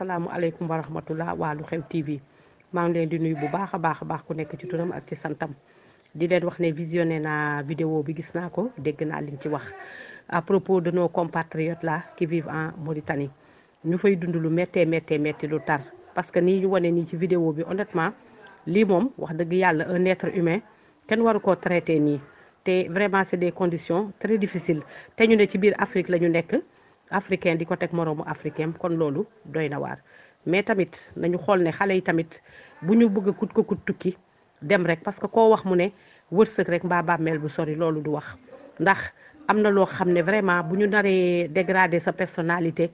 asalaamualeykum wa rahmatullah waa Lu Xew TV maa ngi leen di nuyu bu baax a baax a baax ku nekk ci turam ak ci santam di leen wax ne visionné naa video bi gis naa ko dégg naa liñ ci wax à propos de nos compatriotes là qui vivent en Mauritanie ñu fay dund lu méttee méttee métti lu tar parce que nii ñu wane nii ci vidéo bi honnêtement lii moom wax dëgg yàlla un être humain kenn waru ko traité nii te vraiment c'est des conditions très difficile te ñu ne ci biir Afrique la ñu nekk. africain di ko teg moroomu africain kon loolu doy na waar mais tamit nañu xool ne xale yi tamit bu ñu bëgg a kut ko kut tukki dem rek parce que koo wax mu ne wërsëg rek mbaa bàmmeel bu sori loolu du wax ndax am na loo xam ne vraiment bu ñu naree dégrader sa personnalité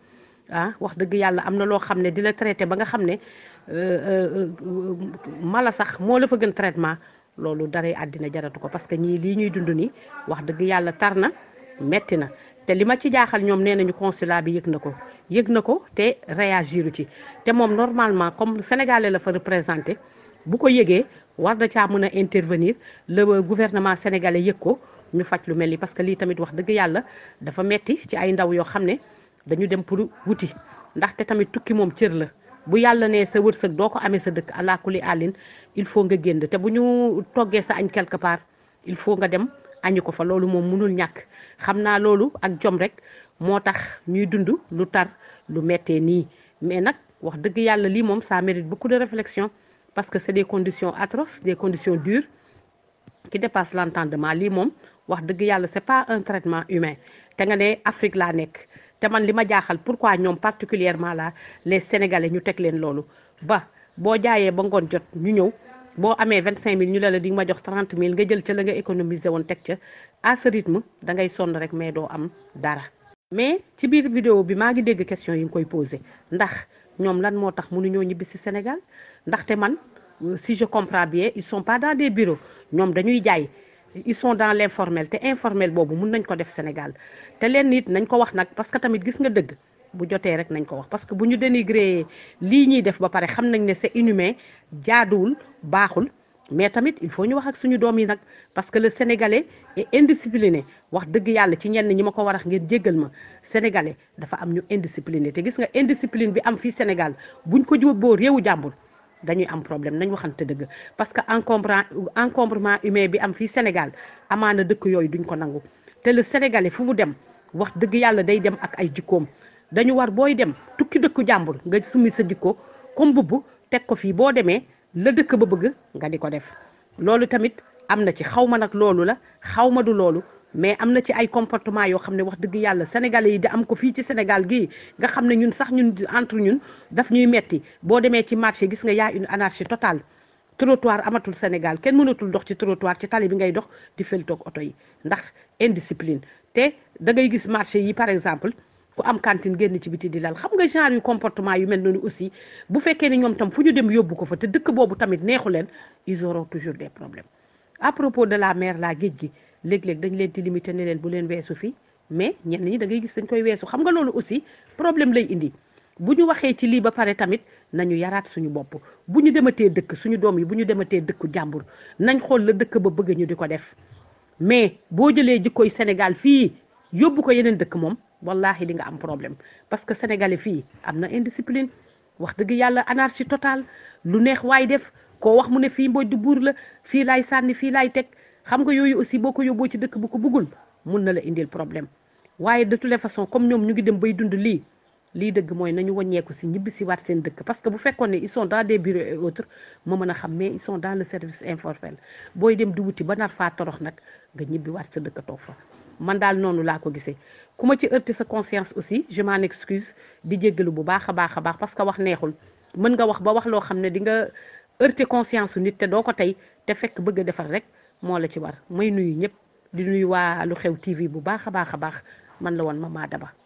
ah wax dëgg yàlla am na loo xam ne di la traité ba nga xam ne euh, euh, mala sax moo la fa gën traitement loolu daree àddina jaratu ko parce que ñii lii ñuy dund nii wax dëgg yàlla tar na metti na te li ma ci jaaxal ñoom nee nañu consulat bi yëg na ko yëg na ko te réagiru ci te moom normalement comme sénégalais la fa représenté bu ko yëgee war na caa mën a intervenir le gouvernement sénégalais yëg ko ñu faj lu mel ni parce que lii tamit wax dëgg yàlla dafa metti ci ay ndaw yoo xam ne dañu dem pour wuti ndaxte tamit tukki moom cër la bu yàlla ne sa wërsëg doo ko amee sa dëkk àlakuli àllin il faut nga génn te bu ñu toggee sa añ quelque part il faut nga dem añu ko fa loolu moom mënul ñàkk xam naa loolu ak jom rek moo tax ñuy dund lu tar lu mettee nii mais nag wax dëgg yàlla lii moom ça mérite beaucoup de réflexion parce que c'est des conditions atroces des conditions dures qui dépassent l'entendement lii moom wax dëgg yàlla c'est pas un traitement humain te nga ne Afrique laa nekk te man li ma jaaxal pourquoi ñoom particulièrement la les Sénégalais ñu teg leen loolu ba boo jaayee ba ngoon jot ñu ñëw boo amee vingt cinq mille ñu ne la di ma jox trente mille nga jël ca la nga économiser woon teg ca à ce rythme da sonn rek mais doo am dara. mais ci biir vidéo bi maa ngi dégg question yi nga koy posé ndax ñoom lan moo tax mënuñoo ñibbi si Sénégal ndaxte man euh, si je comprends bien ils sont pas dans des bureaux ñoom dañuy jaay. ils sont dans l'informel te informel boobu mun nañ ko def Sénégal te leen nit nañ ko wax nag parce que tamit gis nga dëgg bu jotee rek nañ ko wax parce que bu ñu dénigré lii ñuy def ba pare xam nañ ne c'est inhumain jaaduwul baaxul mais tamit il faut ñu wax ak suñu doom yi nag parce que le sénégalais est indiscipliné wax dëgg yàlla ci ñenn ñi ma ko war ax ngeen jéggal ma sénégalais dafa am ñu indiscipliné te gis nga indiscipline bi am fii Sénégal buñ ko jubboo réewu jàmbur dañuy am problème nañ waxante dëgg parce que encombrant encombrement humain bi am fii Sénégal amaana dëkk yooyu duñ ko nangu te fu mu dem wax dëgg yàlla day dem ak ay jikkoom dañu war booy dem tukki dëkku jàmbur nga summi sa jikko comme bubb teg ko fii boo demee la dëkk ba bëgg nga di ko def loolu tamit am na ci xaw ma nag loolu la xawma du loolu mais am na ci ay comportement yoo xam ne wax dëgg yàlla sénégalais yi di am ko fii ci Sénégal gi nga xam ne ñun sax ñun entre ñun daf ñuy metti boo demee ci marché gis nga yaa une anarchie totale trottoir amatul Sénégal kenn mënatul dox ci trottoir ci tali bi ngay dox di fël toog oto yi ndax indiscipline te da ngay gis marché yi par exemple ku am cantine génn ci biti di lal xam nga genre yu comportement yu mel noonu aussi bu fekkee ni ñoom tam fu ñu dem yóbbu ko fa te dëkk boobu tamit neexu leen ils auront toujours des problème à propos de la mer la géej gi léeg-léeg dañ leen ti limiter ne leen bu leen weesu fii mais ñenn ñi dangay gis dañ koy weesu xam nga loolu aussi problème lay indi bu ñu waxee ci lii ba pare tamit na ñu yaraat suñu bopp bu ñu dematee dëkk suñu doom yi bu ñu dematee dëkku jàmbur nañ xool la dëkk ba bëgg ñu di ko def mais boo jëlee jikkoy Sénégal fii yóbbu ko yeneen dëkk moom wallahi di nga am problème parce que sénégalais fii am na indiscipline wax dëgg yàlla anarchie totale lu neex waay def ko wax mu ne fii mboj du buur la fii laay sànni fii laay teg xam nga yooyu aussi boo ko yóbboo ci dëkk bu ko bëggul mun na la indil problème waaye de toutes les façons comme ñoom ñu ngi dem bay dund lii lii dëgg mooy nañu wàññeeku si ñibbi si waat seen dëkk parce que bu fekkoon ne ils sont dans des bureaux ma mën a xam mais ils sont dans le service informel booy dem di wuti ba nar faa torox nag nga ñibbi waat sa dëkk toog fa man daal noonu laa ko gisee ku ma ci heurté sa conscience aussi je m'en excuse di jéggalu bu baax a baax a baax parce que wax neexul mën nga wax ba wax loo xam ne di nga heurté conscience su nit te doo ko tey te fekk bëgg a defar rek moo la ci war may nuyu ñëpp di nuyu waa lu xew TV bu baax a baax a baax man la woon Mama Daba